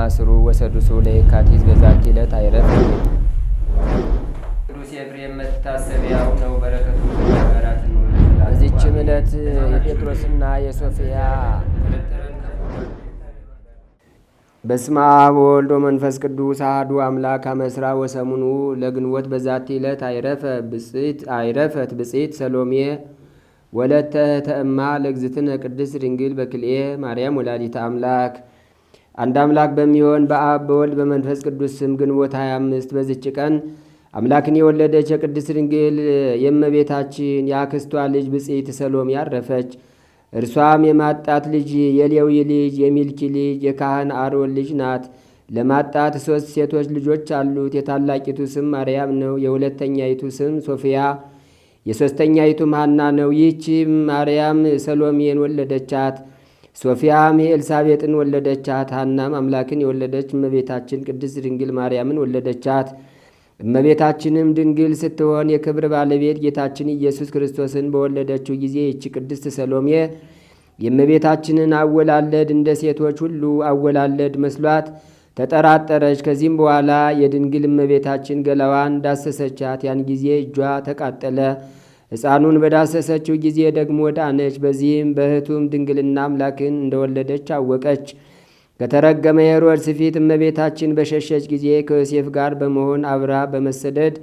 አማስሩ ወሰዱሱ ለየካቲት በዛቲ ዕለት አይረፍ። ቅዱስ ኤፍሬም መታሰቢያው ነው። በረከቱ በዚችም ዕለት የጴጥሮስና የሶፊያ በስመ አብ ወወልድ ወመንፈስ ቅዱስ አህዱ አምላክ አመስራ ወሰሙኑ ለግንቦት በዛቲ ዕለት አይረፈ ብጽት አይረፈት ብጽት ሰሎሜ ወለተ ተእማ ለእግዝእትነ ቅድስት ድንግል በክልኤ ማርያም ወላዲተ አምላክ አንድ አምላክ በሚሆን በአብ በወልድ በመንፈስ ቅዱስ ስም ግንቦት 25 በዚች ቀን አምላክን የወለደች የቅድስት ድንግል የእመቤታችን የአክስቷ ልጅ ብጽዕት ሰሎሜ ያረፈች። እርሷም የማጣት ልጅ የሌዊ ልጅ የሚልኪ ልጅ የካህን አሮን ልጅ ናት። ለማጣት ሶስት ሴቶች ልጆች አሉት። የታላቂቱ ስም ማርያም ነው። የሁለተኛይቱ ስም ሶፊያ፣ የሦስተኛይቱም ማና ነው። ይህቺም ማርያም ሰሎሜን ወለደቻት። ሶፊያም የኤልሳቤጥን ወለደቻት። ሐናም አምላክን የወለደች እመቤታችን ቅድስት ድንግል ማርያምን ወለደቻት። እመቤታችንም ድንግል ስትሆን የክብር ባለቤት ጌታችን ኢየሱስ ክርስቶስን በወለደችው ጊዜ ይቺ ቅድስት ሰሎሜ የእመቤታችንን አወላለድ እንደ ሴቶች ሁሉ አወላለድ መስሏት ተጠራጠረች። ከዚህም በኋላ የድንግል እመቤታችን ገላዋን ዳሰሰቻት። ያን ጊዜ እጇ ተቃጠለ። ሕፃኑን በዳሰሰችው ጊዜ ደግሞ ዳነች። በዚህም በእህቱም ድንግልና አምላክን እንደወለደች አወቀች። ከተረገመ የሮድ ፊት እመቤታችን በሸሸች ጊዜ ከዮሴፍ ጋር በመሆን አብራ በመሰደድ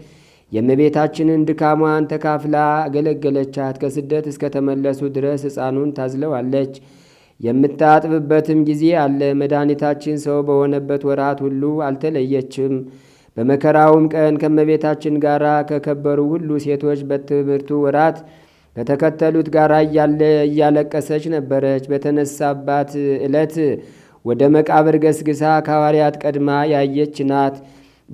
የእመቤታችንን ድካሟን ተካፍላ አገለገለቻት። ከስደት እስከተመለሱ ድረስ ሕፃኑን ታዝለዋለች። የምታጥብበትም ጊዜ አለ። መድኃኒታችን ሰው በሆነበት ወራት ሁሉ አልተለየችም። በመከራውም ቀን ከመቤታችን ጋር ከከበሩ ሁሉ ሴቶች በትምህርቱ ወራት ከተከተሉት ጋር እያለቀሰች ነበረች። በተነሳባት ዕለት ወደ መቃብር ገስግሳ ከሐዋርያት ቀድማ ያየች ናት።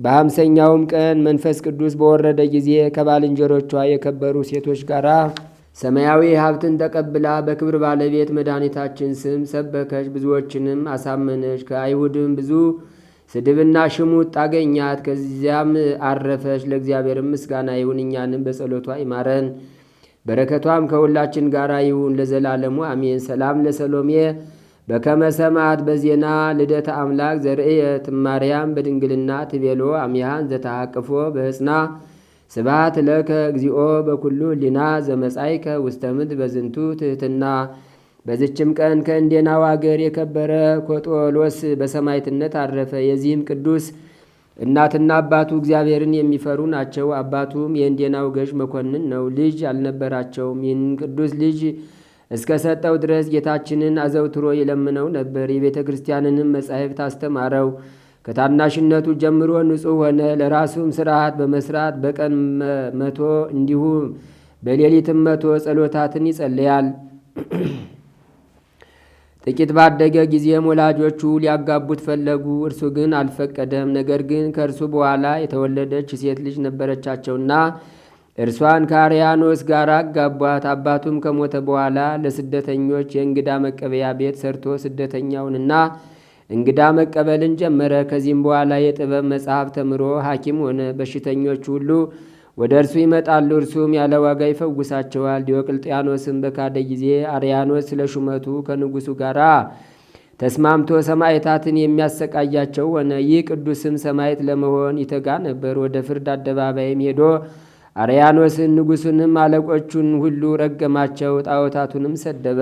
በሐምሰኛውም ቀን መንፈስ ቅዱስ በወረደ ጊዜ ከባልንጀሮቿ የከበሩ ሴቶች ጋር ሰማያዊ ሀብትን ተቀብላ በክብር ባለቤት መድኃኒታችን ስም ሰበከች፣ ብዙዎችንም አሳመነች። ከአይሁድም ብዙ ስድብና ሽሙጥ አገኛት። ከዚያም አረፈች። ለእግዚአብሔር ምስጋና ይሁን፣ እኛንም በጸሎቷ ይማረን፣ በረከቷም ከሁላችን ጋር ይሁን ለዘላለሙ አሜን። ሰላም ለሰሎሜ በከመሰማት በዜና ልደተ አምላክ ዘርእየት ማርያም በድንግልና ትቤሎ አሚያን ዘተሃቅፎ በሕፅና ስብሐት ለከ እግዚኦ በኩሉ ሊና ዘመጻይከ ውስተ ምድር በዝንቱ ትህትና በዚችም ቀን ከእንዴናው አገር የከበረ ኮጦሎስ በሰማይትነት አረፈ። የዚህም ቅዱስ እናትና አባቱ እግዚአብሔርን የሚፈሩ ናቸው። አባቱም የእንዴናው ገዥ መኮንን ነው። ልጅ አልነበራቸውም። ይህን ቅዱስ ልጅ እስከ ሰጠው ድረስ ጌታችንን አዘውትሮ ይለምነው ነበር። የቤተ ክርስቲያንንም መጻሕፍት አስተማረው። ከታናሽነቱ ጀምሮ ንጹሕ ሆነ። ለራሱም ስርዓት በመስራት በቀን መቶ እንዲሁም በሌሊትም መቶ ጸሎታትን ይጸልያል። ጥቂት ባደገ ጊዜም ወላጆቹ ሊያጋቡት ፈለጉ። እርሱ ግን አልፈቀደም። ነገር ግን ከእርሱ በኋላ የተወለደች ሴት ልጅ ነበረቻቸውና እርሷን ከአርያኖስ ጋር አጋቧት። አባቱም ከሞተ በኋላ ለስደተኞች የእንግዳ መቀበያ ቤት ሰርቶ ስደተኛውንና እንግዳ መቀበልን ጀመረ። ከዚህም በኋላ የጥበብ መጽሐፍ ተምሮ ሐኪም ሆነ። በሽተኞች ሁሉ ወደ እርሱ ይመጣሉ፣ እርሱም ያለ ዋጋ ይፈውሳቸዋል። ዲዮቅልጥያኖስም በካደ ጊዜ አርያኖስ ስለ ሹመቱ ከንጉሡ ጋር ተስማምቶ ሰማዕታትን የሚያሰቃያቸው ሆነ። ይህ ቅዱስም ሰማዕት ለመሆን ይተጋ ነበር። ወደ ፍርድ አደባባይም ሄዶ አርያኖስን፣ ንጉሱንም አለቆቹን ሁሉ ረገማቸው፣ ጣዖታቱንም ሰደበ።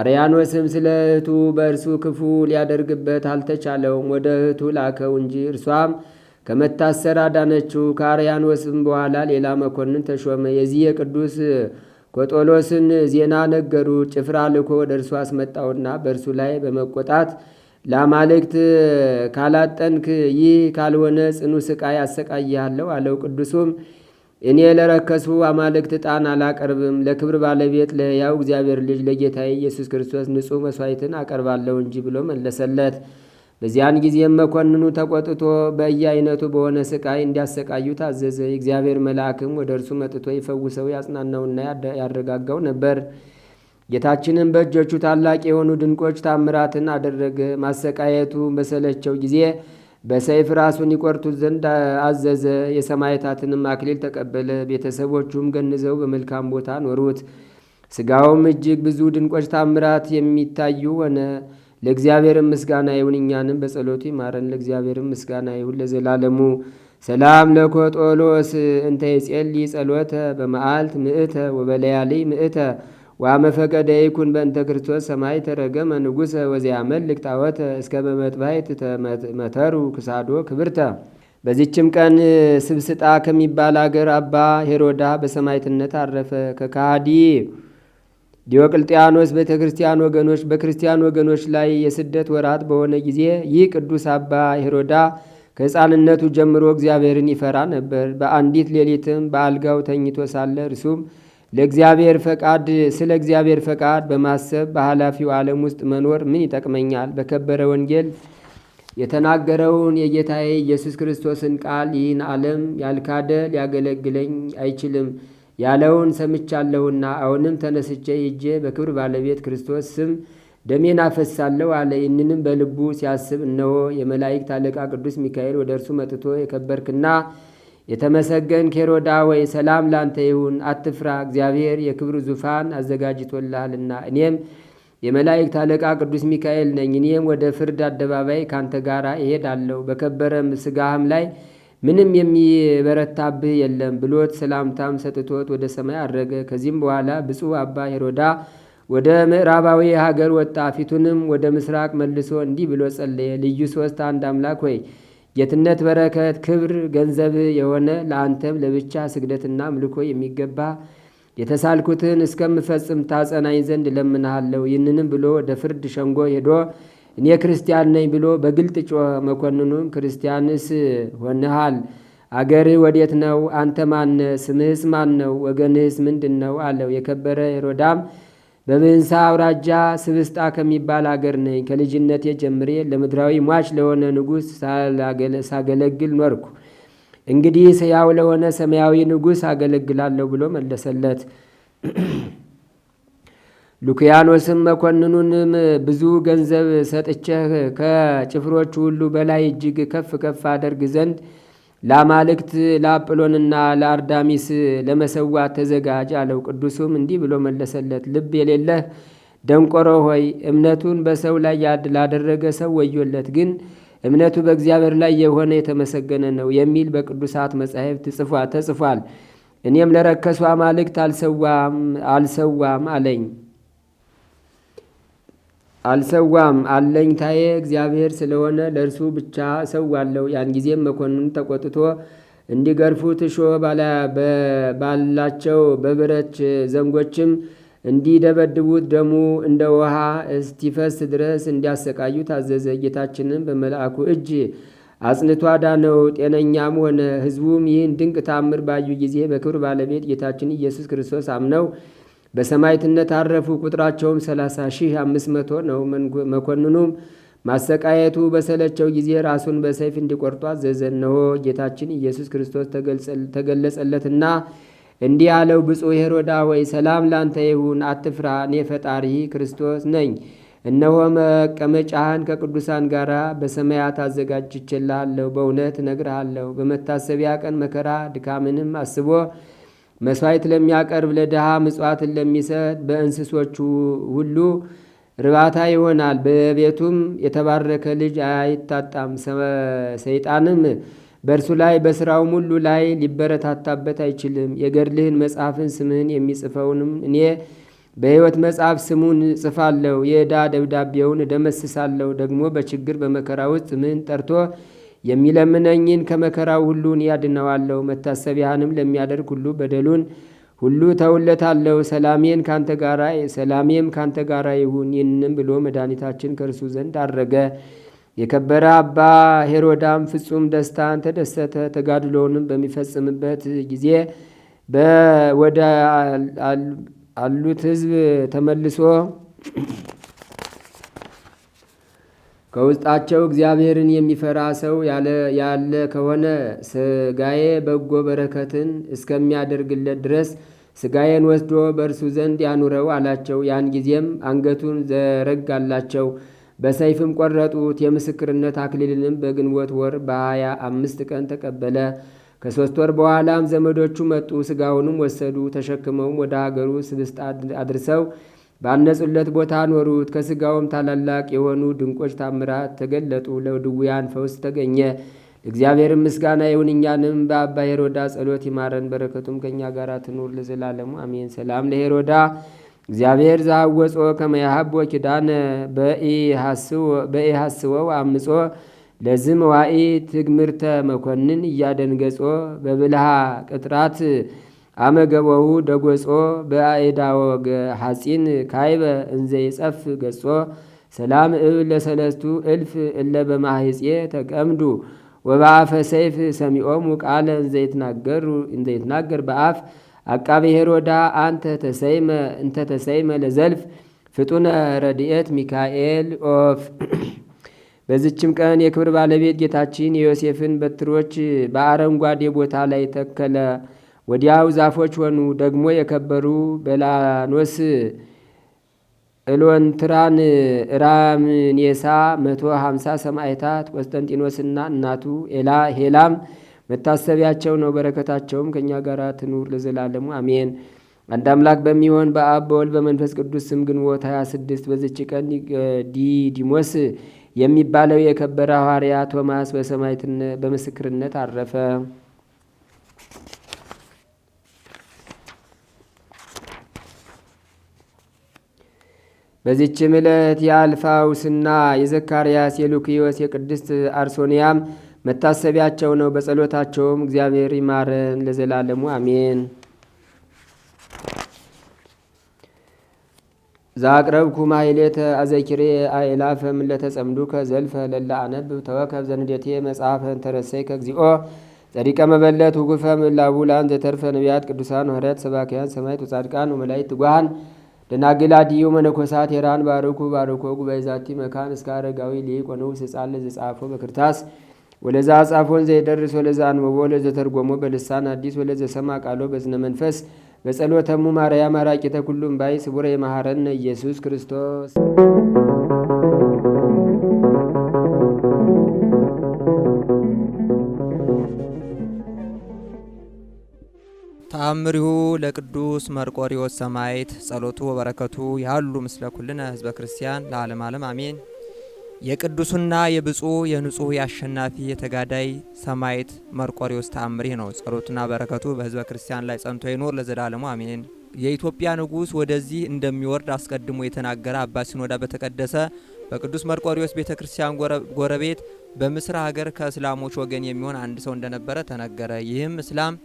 አርያኖስም ስለ እህቱ በእርሱ ክፉ ሊያደርግበት አልተቻለውም። ወደ እህቱ ላከው እንጂ እርሷም ከመታሰር አዳነችው። ከአርያኖስም በኋላ ሌላ መኮንን ተሾመ። የዚህ የቅዱስ ኮጦሎስን ዜና ነገሩ። ጭፍራ ልኮ ወደ እርሱ አስመጣውና በእርሱ ላይ በመቆጣት ለአማልክት ካላጠንክ ይህ ካልሆነ ጽኑ ስቃይ አሰቃይሃለሁ አለው። ቅዱሱም እኔ ለረከሱ አማልክት ዕጣን አላቀርብም፣ ለክብር ባለቤት ለሕያው እግዚአብሔር ልጅ ለጌታዬ ኢየሱስ ክርስቶስ ንጹሕ መሥዋዕትን አቀርባለሁ እንጂ ብሎ መለሰለት። በዚያን ጊዜም መኮንኑ ተቆጥቶ በየአይነቱ በሆነ ስቃይ እንዲያሰቃዩ ታዘዘ። የእግዚአብሔር መልአክም ወደ እርሱ መጥቶ ይፈውሰው ያጽናናውና ያረጋጋው ነበር። ጌታችንም በእጆቹ ታላቅ የሆኑ ድንቆች ታምራትን አደረገ። ማሰቃየቱ በሰለቸው ጊዜ በሰይፍ ራሱን ይቆርጡት ዘንድ አዘዘ። የሰማዕታትንም አክሊል ተቀበለ። ቤተሰቦቹም ገንዘው በመልካም ቦታ ኖሩት። ስጋውም እጅግ ብዙ ድንቆች ታምራት የሚታዩ ሆነ። ለእግዚአብሔርም ምስጋና ይሁን፣ እኛንም በጸሎቱ ይማረን። ለእግዚአብሔርም ምስጋና ይሁን ለዘላለሙ። ሰላም ለኮጦሎስ እንተ ይጼሊ ጸሎተ በመዓልት ምእተ ወበለያሊ ምእተ ዋመፈቀደ ይኩን በእንተ ክርስቶስ ሰማይ ተረገመ ንጉሰ ወዚያ መልክ ጣወተ እስከ በመጥባይት መተሩ ክሳዶ ክብርተ። በዚችም ቀን ስብስጣ ከሚባል አገር አባ ሄሮዳ በሰማይትነት አረፈ ከካዲ ዲዮቅልጥያኖስ ቤተ ክርስቲያን ወገኖች በክርስቲያን ወገኖች ላይ የስደት ወራት በሆነ ጊዜ ይህ ቅዱስ አባ ሄሮዳ ከሕፃንነቱ ጀምሮ እግዚአብሔርን ይፈራ ነበር። በአንዲት ሌሊትም በአልጋው ተኝቶ ሳለ እርሱም ለእግዚአብሔር ፈቃድ ስለ እግዚአብሔር ፈቃድ በማሰብ በኃላፊው ዓለም ውስጥ መኖር ምን ይጠቅመኛል? በከበረ ወንጌል የተናገረውን የጌታዬ ኢየሱስ ክርስቶስን ቃል ይህን ዓለም ያልካደ ሊያገለግለኝ አይችልም ያለውን ሰምቻለሁና አሁንም ተነስቼ ሄጄ በክብር ባለቤት ክርስቶስ ስም ደሜን አፈሳለሁ አለ። ይህንንም በልቡ ሲያስብ እነሆ የመላእክት አለቃ ቅዱስ ሚካኤል ወደ እርሱ መጥቶ የከበርክና የተመሰገን ኬሮዳ ወይ ሰላም ላንተ ይሁን፣ አትፍራ፣ እግዚአብሔር የክብር ዙፋን አዘጋጅቶልሃልና እኔም የመላእክት አለቃ ቅዱስ ሚካኤል ነኝ። እኔም ወደ ፍርድ አደባባይ ካንተ ጋር እሄዳለሁ በከበረም ስጋህም ላይ ምንም የሚበረታብህ የለም ብሎት ሰላምታም ሰጥቶት ወደ ሰማይ አድረገ። ከዚህም በኋላ ብፁዕ አባ ሄሮዳ ወደ ምዕራባዊ ሀገር ወጣ። ፊቱንም ወደ ምስራቅ መልሶ እንዲህ ብሎ ጸለየ። ልዩ ሶስት አንድ አምላክ ሆይ ጌትነት፣ በረከት፣ ክብር ገንዘብ የሆነ ለአንተም ለብቻ ስግደትና ምልኮ የሚገባ የተሳልኩትን እስከምፈጽም ታጸናኝ ዘንድ እለምንሃለሁ። ይህንንም ብሎ ወደ ፍርድ ሸንጎ ሄዶ እኔ ክርስቲያን ነኝ ብሎ በግልጥ ጮ መኮንኑም ክርስቲያንስ ሆነሃል፣ አገርህ ወዴት ነው? አንተ ማነ? ስምህስ ማን ነው? ወገንህስ ምንድን ነው? አለው። የከበረ ሄሮዳም በብህንሳ አውራጃ ስብስጣ ከሚባል አገር ነኝ። ከልጅነቴ ጀምሬ ለምድራዊ ሟች ለሆነ ንጉሥ ሳገለግል ኖርኩ። እንግዲህ ሕያው ለሆነ ሰማያዊ ንጉሥ አገለግላለሁ ብሎ መለሰለት። ሉኪያኖስም መኮንኑንም ብዙ ገንዘብ ሰጥቼህ ከጭፍሮች ሁሉ በላይ እጅግ ከፍ ከፍ አደርግ ዘንድ ለአማልክት ለአጵሎንና ለአርዳሚስ ለመሰዋት ተዘጋጅ አለው። ቅዱሱም እንዲህ ብሎ መለሰለት፣ ልብ የሌለህ ደንቆሮ ሆይ እምነቱን በሰው ላይ ላደረገ ሰው ወዮለት፣ ግን እምነቱ በእግዚአብሔር ላይ የሆነ የተመሰገነ ነው የሚል በቅዱሳት መጻሕፍት ተጽፏል። እኔም ለረከሱ አማልክት አልሰዋም አልሰዋም አለኝ። አልሰዋም። አለኝታዬ እግዚአብሔር ስለሆነ ለእርሱ ብቻ እሰዋለሁ። ያን ጊዜም መኮንን ተቆጥቶ እንዲገርፉት እሾህ ባላቸው በብረት ዘንጎችም እንዲደበድቡት ደሙ እንደ ውሃ እስቲፈስ ድረስ እንዲያሰቃዩ ታዘዘ። ጌታችንም በመልአኩ እጅ አጽንቷ ነው ጤነኛም ሆነ። ሕዝቡም ይህን ድንቅ ታምር ባዩ ጊዜ በክብር ባለቤት ጌታችን ኢየሱስ ክርስቶስ አምነው በሰማይትነት አረፉ። ቁጥራቸውም 30 ሺህ አምስት ነው። መኮንኑም ማሰቃየቱ በሰለቸው ጊዜ ራሱን በሰይፍ እንዲቆርጡ አዘዘ። እነሆ ጌታችን ኢየሱስ ክርስቶስ ተገለጸለትና እንዲህ አለው፣ ብፁዕ ሄሮዳ ወይ ሰላም ላንተ ይሁን፣ አትፍራ፣ እኔ ፈጣሪ ክርስቶስ ነኝ። እነሆ መቀመጫህን ከቅዱሳን ጋር በሰማያት አዘጋጅችላለሁ። በእውነት እነግርሃለሁ በመታሰቢያ ቀን መከራ ድካምንም አስቦ መስዋዕት ለሚያቀርብ ለድሃ ምጽዋትን ለሚሰጥ በእንስሶቹ ሁሉ እርባታ ይሆናል። በቤቱም የተባረከ ልጅ አይታጣም። ሰይጣንም በእርሱ ላይ በሥራውም ሁሉ ላይ ሊበረታታበት አይችልም። የገድልህን መጽሐፍን ስምህን የሚጽፈውንም እኔ በሕይወት መጽሐፍ ስሙን እጽፋለሁ። የዕዳ ደብዳቤውን እደመስሳለሁ። ደግሞ በችግር በመከራ ውስጥ ስምህን ጠርቶ የሚለምነኝን ከመከራው ሁሉን ያድነዋለሁ። መታሰቢያህንም ለሚያደርግ ሁሉ በደሉን ሁሉ ተውለታለሁ። ሰላሜን ካንተ ጋራ ሰላሜም ካንተ ጋራ ይሁን። ይህንም ብሎ መድኃኒታችን ከእርሱ ዘንድ አረገ። የከበረ አባ ሄሮዳም ፍጹም ደስታን ተደሰተ። ተጋድሎውንም በሚፈጽምበት ጊዜ ወደ አሉት ሕዝብ ተመልሶ ከውስጣቸው እግዚአብሔርን የሚፈራ ሰው ያለ ከሆነ ስጋዬ በጎ በረከትን እስከሚያደርግለት ድረስ ስጋዬን ወስዶ በእርሱ ዘንድ ያኑረው አላቸው። ያን ጊዜም አንገቱን ዘረጋላቸው፣ በሰይፍም ቆረጡት። የምስክርነት አክሊልንም በግንቦት ወር በሀያ አምስት ቀን ተቀበለ። ከሦስት ወር በኋላም ዘመዶቹ መጡ፣ ስጋውንም ወሰዱ። ተሸክመውም ወደ አገሩ ስብስጥ አድርሰው ባነጹለት ቦታ ኖሩት። ከስጋውም ታላላቅ የሆኑ ድንቆች ታምራት ተገለጡ። ለድውያን ፈውስ ተገኘ። እግዚአብሔር ምስጋና ይሁን። እኛንም በአባ ሄሮዳ ጸሎት ይማረን፣ በረከቱም ከእኛ ጋር ትኑር ለዘላለሙ አሜን። ሰላም ለሄሮዳ እግዚአብሔር ዛወጾ ከመያሃቦ ኪዳነ በኢሃስወው አምጾ ለዝም ዋኢ ትግምርተ መኮንን እያደንገጾ በብልሃ ቅጥራት አመገበው ደጎጾ በአኤዳ ወገ ሐጺን ካይበ እንዘይ ጸፍ ገጾ ሰላም እብ ለሰለስቱ እልፍ እለ በማህፄ ተቀምዱ ወበአፈ ሰይፍ ሰሚኦሙ ቃለ እንዘይትናገር በአፍ አቃቤ ሄሮዳ አንተ ተሰይመ እንተ ተሰይመ ለዘልፍ ፍጡነ ረድኤት ሚካኤል ኦፍ። በዚችም ቀን የክብር ባለቤት ጌታችን የዮሴፍን በትሮች በአረንጓዴ ቦታ ላይ ተከለ። ወዲያው ዛፎች ሆኑ። ደግሞ የከበሩ በላኖስ፣ እሎንትራን፣ ራምኔሳ መቶ ሀምሳ ሰማይታት ቆስጠንጢኖስና እናቱ ኤላ ሄላም መታሰቢያቸው ነው። በረከታቸውም ከእኛ ጋር ትኑር ለዘላለሙ አሜን። አንድ አምላክ በሚሆን በአብ በወልድ በመንፈስ ቅዱስ ስም ግንቦት 26 በዚች ቀን ዲዲሞስ የሚባለው የከበረ ሐዋርያ ቶማስ በሰማዕትነት በምስክርነት አረፈ። በዚችም ዕለት የአልፋውስና የዘካርያስ የሉክዮስ የቅድስት አርሶንያም መታሰቢያቸው ነው። በጸሎታቸውም እግዚአብሔር ይማረን ለዘላለሙ አሜን። ዛቅረብኩ ማይሌተ አዘኪሬ አይላፈም ለተጸምዱከ ከዘልፈ ለላ አነብብ ተወከብ ዘንዴቴ መጽሐፈን ተረሰይከ እግዚኦ ጸዲቀ መበለት ውጉፈ ምላቡላን ዘተርፈ ነቢያት ቅዱሳን ኅረት ሰባኪያን ሰማይት ወጻድቃን ወመላይት ትጓሃን ደናግላዲዩ መነኮሳት ሄራን ባርኩ ባርኮ ጉባኤዛቲ መካን እስከ አረጋዊ ሊቅ ወንውስ ሕፃን ለዘጻፎ በክርታስ ወለዛ አጻፎን ዘይደርስ ወለዛ አንብቦ ለዘተርጎሞ በልሳን አዲስ ወለዘ ሰማ ቃሎ በዝነ መንፈስ በጸሎተሙ ማርያም አራቂተ ኩሉም ባይ ስቡረ የመሐረነ ኢየሱስ ክርስቶስ ተአምሪሁ ለቅዱስ መርቆሪዎስ ሰማይት ጸሎቱ ወበረከቱ ያሉ ምስለ ኩልነ ህዝበ ክርስቲያን ለዓለም ዓለም አሜን። የቅዱሱና የብፁ የንጹህ የአሸናፊ የተጋዳይ ሰማይት መርቆሪዎስ ተአምሪ ነው። ጸሎቱና በረከቱ በህዝበ ክርስቲያን ላይ ጸንቶ ይኖር ለዘላለሙ አሜን። የኢትዮጵያ ንጉሥ ወደዚህ እንደሚወርድ አስቀድሞ የተናገረ አባ ሲኖዳ በተቀደሰ በቅዱስ መርቆሪዎስ ቤተ ክርስቲያን ጎረቤት በምስራ ሀገር ከእስላሞች ወገን የሚሆን አንድ ሰው እንደነበረ ተነገረ። ይህም እስላም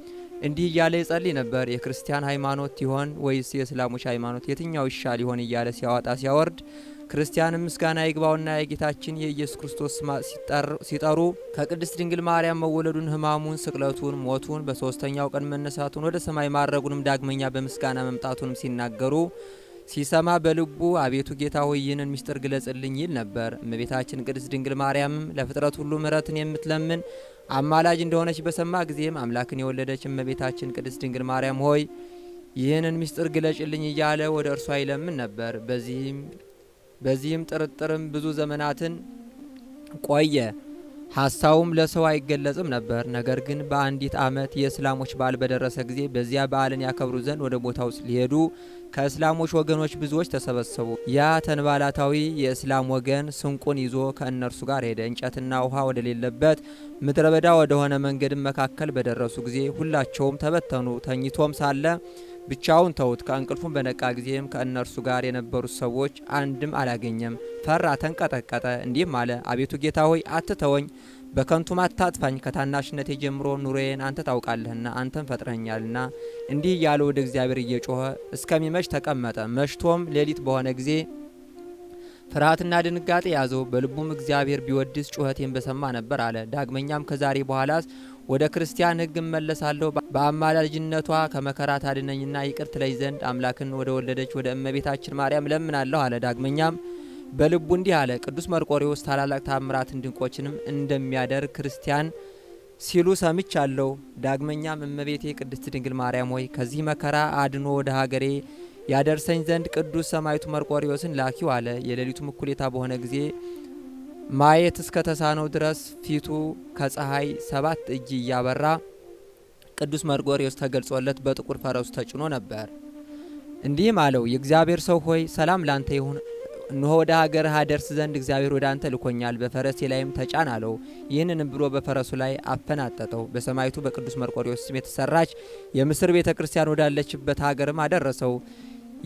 እንዲህ እያለ ይጸልይ ነበር። የክርስቲያን ሃይማኖት ይሆን ወይስ የእስላሞች ሃይማኖት የትኛው ይሻል ይሆን እያለ ሲያወጣ ሲያወርድ ክርስቲያንም ምስጋና ይግባውና የጌታችን የኢየሱስ ክርስቶስ ሲጠሩ ከቅድስት ድንግል ማርያም መወለዱን፣ ሕማሙን፣ ስቅለቱን፣ ሞቱን፣ በሶስተኛው ቀን መነሳቱን፣ ወደ ሰማይ ማድረጉንም ዳግመኛ በምስጋና መምጣቱንም ሲናገሩ ሲሰማ በልቡ አቤቱ ጌታ ሆይ ይህንን ምስጢር ግለጽልኝ ይል ነበር። እመቤታችን ቅድስት ድንግል ማርያምም ለፍጥረት ሁሉ ምሕረትን የምትለምን አማላጅ እንደሆነች በሰማ ጊዜም አምላክን የወለደች እመቤታችን ቅድስት ድንግል ማርያም ሆይ ይህንን ምስጢር ግለጭልኝ እያለ ወደ እርሷ ይለምን ነበር። በዚህም በዚህም ጥርጥርም ብዙ ዘመናትን ቆየ። ሀሳቡም ለሰው አይገለጽም ነበር። ነገር ግን በአንዲት ዓመት የእስላሞች በዓል በደረሰ ጊዜ በዚያ በዓልን ያከብሩ ዘንድ ወደ ቦታው ሊሄዱ ከእስላሞች ወገኖች ብዙዎች ተሰበሰቡ። ያ ተንባላታዊ የእስላም ወገን ስንቁን ይዞ ከእነርሱ ጋር ሄደ። እንጨትና ውሃ ወደሌለበት ምድረ በዳ ወደሆነ መንገድን መካከል በደረሱ ጊዜ ሁላቸውም ተበተኑ። ተኝቶም ሳለ ብቻውን ተውት። ከእንቅልፉም በነቃ ጊዜም ከእነርሱ ጋር የነበሩት ሰዎች አንድም አላገኘም። ፈራ፣ ተንቀጠቀጠ። እንዲህም አለ፣ አቤቱ ጌታ ሆይ አትተወኝ በከንቱም አታጥፋኝ፣ ከታናሽነቴ ጀምሮ ኑሮዬን አንተ ታውቃለህና አንተን ፈጥረኛልና። እንዲህ እያለ ወደ እግዚአብሔር እየጮኸ እስከሚመሽ ተቀመጠ። መሽቶም ሌሊት በሆነ ጊዜ ፍርሃትና ድንጋጤ ያዘው። በልቡም እግዚአብሔር ቢወድስ ጩኸቴን በሰማ ነበር አለ። ዳግመኛም ከዛሬ በኋላስ ወደ ክርስቲያን ሕግ እመለሳለሁ፣ በአማላጅነቷ ከመከራ ታድነኝና ይቅር ትለኝ ዘንድ አምላክን ወደ ወለደች ወደ እመቤታችን ማርያም ለምናለሁ አለ። ዳግመኛም በልቡ እንዲህ አለ። ቅዱስ መርቆሬዎስ ታላላቅ ታምራትን ድንቆችንም እንደሚያደርግ ክርስቲያን ሲሉ ሰምቻለሁ። ዳግመኛም እመቤቴ ቅድስት ድንግል ማርያም ሆይ ከዚህ መከራ አድኖ ወደ ሀገሬ ያደርሰኝ ዘንድ ቅዱስ ሰማዕቱ መርቆሬዎስን ላኪው አለ። የሌሊቱ እኩሌታ በሆነ ጊዜ ማየት እስከ ተሳነው ድረስ ፊቱ ከፀሐይ ሰባት እጅ እያበራ ቅዱስ መርቆሬዎስ ተገልጾለት በጥቁር ፈረሱ ተጭኖ ነበር። እንዲህም አለው፣ የእግዚአብሔር ሰው ሆይ ሰላም ላንተ ይሁን። እነሆ ወደ ሀገርህ አደርስ ዘንድ እግዚአብሔር ወደ አንተ ልኮኛል፣ በፈረሴ ላይም ተጫን አለው። ይህንንም ብሎ በፈረሱ ላይ አፈናጠጠው። በሰማይቱ በቅዱስ መርቆሪዎስ ስም የተሰራች የምስር ቤተ ክርስቲያን ወዳለችበት ሀገርም አደረሰው።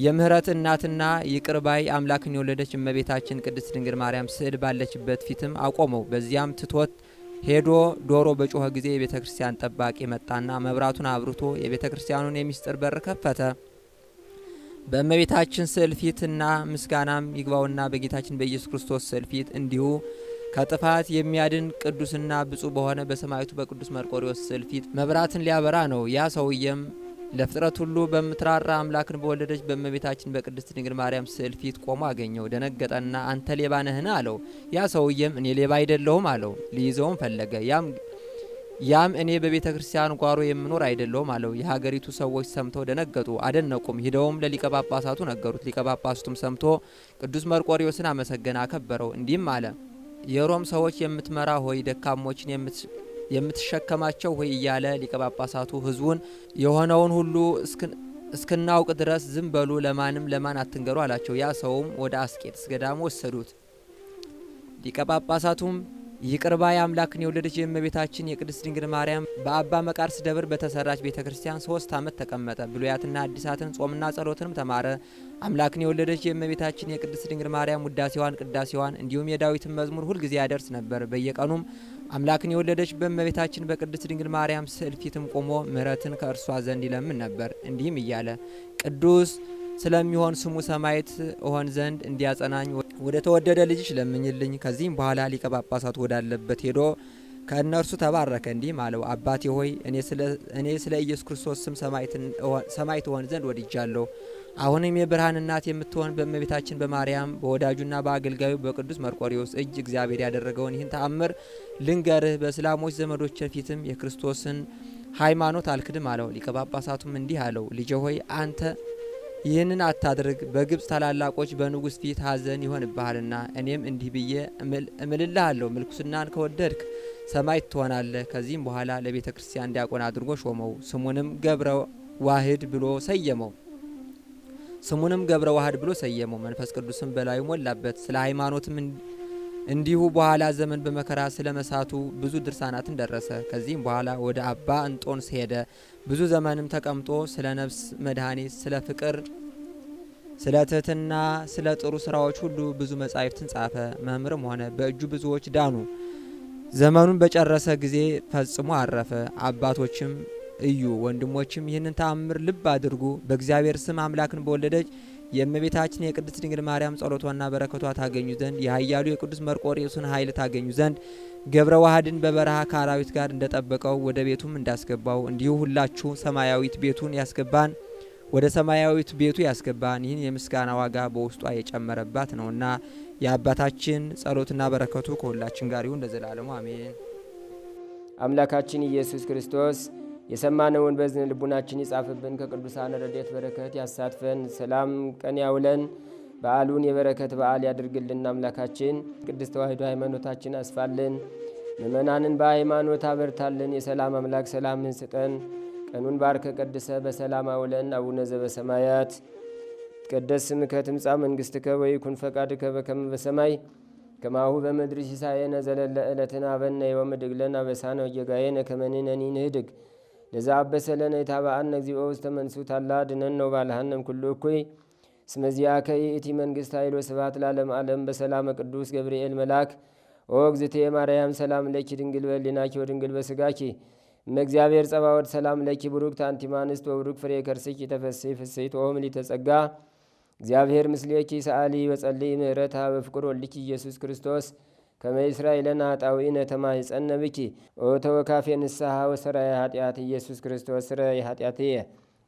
የምህረት እናትና ይቅርባይ አምላክን የወለደች እመቤታችን ቅድስት ድንግል ማርያም ስዕል ባለችበት ፊትም አቆመው። በዚያም ትቶት ሄዶ ዶሮ በጮኸ ጊዜ የቤተ ክርስቲያን ጠባቂ መጣና መብራቱን አብርቶ የቤተ ክርስቲያኑን የሚስጥር በር ከፈተ። በእመቤታችን ስዕል ፊትና ምስጋናም ይግባውና በጌታችን በኢየሱስ ክርስቶስ ስዕል ፊት እንዲሁ ከጥፋት የሚያድን ቅዱስና ብፁዕ በሆነ በሰማዕቱ በቅዱስ መርቆሪዎስ ስዕል ፊት መብራትን ሊያበራ ነው። ያ ሰውየም ለፍጥረት ሁሉ በምትራራ አምላክን በወለደች በእመቤታችን በቅድስት ድንግል ማርያም ስዕል ፊት ቆሞ አገኘው። ደነገጠና አንተ ሌባ ነህን? አለው። ያ ሰውየም እኔ ሌባ አይደለሁም አለው። ሊይዘውም ፈለገ። ያም ያም እኔ በቤተ ክርስቲያን ጓሮ የምኖር አይደለውም አለው። የሀገሪቱ ሰዎች ሰምተው ደነገጡ፣ አደነቁም። ሂደውም ለሊቀ ጳጳሳቱ ነገሩት። ሊቀ ጳጳሳቱም ሰምቶ ቅዱስ መርቆሪዎስን አመሰገነ፣ አከበረው። እንዲህም አለ፣ የሮም ሰዎች የምትመራ ሆይ፣ ደካሞችን የምትሸከማቸው ሆይ እያለ ሊቀ ጳጳሳቱ ህዝቡን የሆነውን ሁሉ እስክናውቅ ድረስ ዝም በሉ፣ ለማንም ለማን አትንገሩ አላቸው። ያ ሰውም ወደ አስቄጥስ ገዳም ወሰዱት። ሊቀ ጳጳሳቱም ይቅርባ የአምላክን የወለደች የእመቤታችን የቅድስት ድንግል ማርያም በአባ መቃርስ ደብር በተሰራች ቤተ ክርስቲያን ሶስት ዓመት ተቀመጠ። ብሉያትና አዲሳትን ጾምና ጸሎትንም ተማረ። አምላክን የወለደች የእመቤታችን የቅድስት ድንግል ማርያም ውዳሴዋን፣ ቅዳሴዋን እንዲሁም የዳዊትን መዝሙር ሁልጊዜ ያደርስ ነበር። በየቀኑም አምላክን የወለደች በእመቤታችን በቅድስት ድንግል ማርያም ስዕል ፊትም ቆሞ ምሕረትን ከእርሷ ዘንድ ይለምን ነበር። እንዲህም እያለ ቅዱስ ስለሚሆን ስሙ ሰማዕት እሆን ዘንድ እንዲያጸናኝ ወደ ተወደደ ልጅሽ ለምኝልኝ። ከዚህም በኋላ ሊቀ ጳጳሳት ወዳለበት ሄዶ ከእነርሱ ተባረከ፣ እንዲህም አለው፦ አባቴ ሆይ እኔ ስለ ኢየሱስ ክርስቶስ ስም ሰማዕት እሆን ዘንድ ወድጃለሁ። አሁንም የብርሃን እናት የምትሆን በእመቤታችን በማርያም በወዳጁና በአገልጋዩ በቅዱስ መርቆሪዎስ እጅ እግዚአብሔር ያደረገውን ይህን ተአምር ልንገርህ። በእስላሞች ዘመዶች ፊትም የክርስቶስን ሃይማኖት አልክድም አለው። ሊቀ ጳጳሳቱም እንዲህ አለው፦ ልጄ ሆይ አንተ ይህንን አታድርግ፣ በግብፅ ታላላቆች በንጉሥ ፊት ሐዘን ይሆንብሃልና። እኔም እንዲህ ብዬ እምልልሃለሁ፣ ምልኩስናን ከወደድክ ሰማይ ትሆናለህ። ከዚህም በኋላ ለቤተ ክርስቲያን ዲያቆን አድርጎ ሾመው። ስሙንም ገብረ ዋህድ ብሎ ሰየመው ስሙንም ገብረ ዋህድ ብሎ ሰየመው። መንፈስ ቅዱስም በላዩ ሞላበት። ስለ ሃይማኖትም እንዲሁ በኋላ ዘመን በመከራ ስለ መሳቱ ብዙ ድርሳናትን ደረሰ። ከዚህም በኋላ ወደ አባ እንጦንስ ሄደ። ብዙ ዘመንም ተቀምጦ ስለ ነፍስ መድኃኒት፣ ስለ ፍቅር፣ ስለ ትህትና፣ ስለ ጥሩ ስራዎች ሁሉ ብዙ መጻሕፍትን ጻፈ። መምህርም ሆነ፣ በእጁ ብዙዎች ዳኑ። ዘመኑን በጨረሰ ጊዜ ፈጽሞ አረፈ። አባቶችም እዩ፣ ወንድሞችም ይህንን ተአምር ልብ አድርጉ። በእግዚአብሔር ስም አምላክን በወለደች የእመቤታችን የቅድስት ድንግል ማርያም ጸሎቷና በረከቷ ታገኙ ዘንድ የኃያሉ የቅዱስ መርቆሬዎስን ኃይል ታገኙ ዘንድ ገብረ ዋህድን በበረሃ ከአራዊት ጋር እንደጠበቀው ወደ ቤቱም እንዳስገባው እንዲሁ ሁላችሁ ሰማያዊት ቤቱን ያስገባን ወደ ሰማያዊት ቤቱ ያስገባን። ይህን የምስጋና ዋጋ በውስጧ የጨመረባት ነውና የአባታችን ጸሎትና በረከቱ ከሁላችን ጋር ይሁን ለዘላለሙ አሜን። አምላካችን ኢየሱስ ክርስቶስ የሰማነውን በዝን ልቡናችን ይጻፍብን፣ ከቅዱሳን ረድኤት በረከት ያሳትፈን፣ ሰላም ቀን ያውለን፣ በዓሉን የበረከት በዓል ያድርግልን። አምላካችን ቅድስት ተዋሕዶ ሃይማኖታችን አስፋልን፣ ምእመናንን በሃይማኖት አበርታልን። የሰላም አምላክ ሰላምን ስጠን። ቀኑን ባርከ ቀድሰ በሰላም አውለን። አቡነ ዘበሰማያት ይትቀደስ ስምከ ትምጻእ መንግሥትከ ወይኩን ፈቃድከ በከመ በሰማይ ከማሁ በምድር ሲሳየነ ዘለለ ዕለትነ ሀበነ ዮም ወኅድግ ለነ አበሳነ ወጌጋየነ ከመ ንሕነኒ ንኅድግ ለዘአበሰለነ የታብአነ እግዚኦ ውስተ መንሱት ታላ ድነን ነው ባልሃንም ኩሉ እኩይ ከይ እቲ መንግስት ኃይሎ ስባት ላለም ዓለም በሰላመ ቅዱስ ገብርኤል መልአክ ኦ እግዝእቴ ማርያም ሰላም ለኪ ድንግል በሊናኪ ወድንግል በስጋኪ እመእግዚአብሔር ጸባወድ ሰላም ለኪ ብሩክ አንቲ ወብሩክ ፍሬ ከርስኪ ተፈሥሒ ፍሥሕት ኦ ምልዕተ ጸጋ እግዚአብሔር ምስሌኪ ሰአሊ በጸልይ ምህረታ በፍቅር ወልኪ ኢየሱስ ክርስቶስ ከመ እስራኤልን አጣዊነ ተማይጸነ ብኪ ኦቶ ተወካፌ ንስሐ ወሰራይ ኃጢአት ኢየሱስ ክርስቶስ ስረይ የ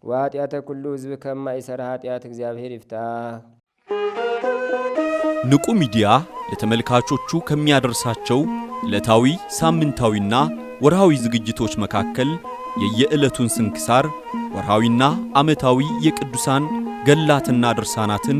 ወኃጢአተ ኩሉ ህዝብ ከማይሰራ ኃጢአት እግዚአብሔር ይፍታ። ንቁ ሚዲያ ለተመልካቾቹ ከሚያደርሳቸው ዕለታዊ ሳምንታዊና ወርሃዊ ዝግጅቶች መካከል የየዕለቱን ስንክሳር ወርሃዊና ዓመታዊ የቅዱሳን ገላትና ድርሳናትን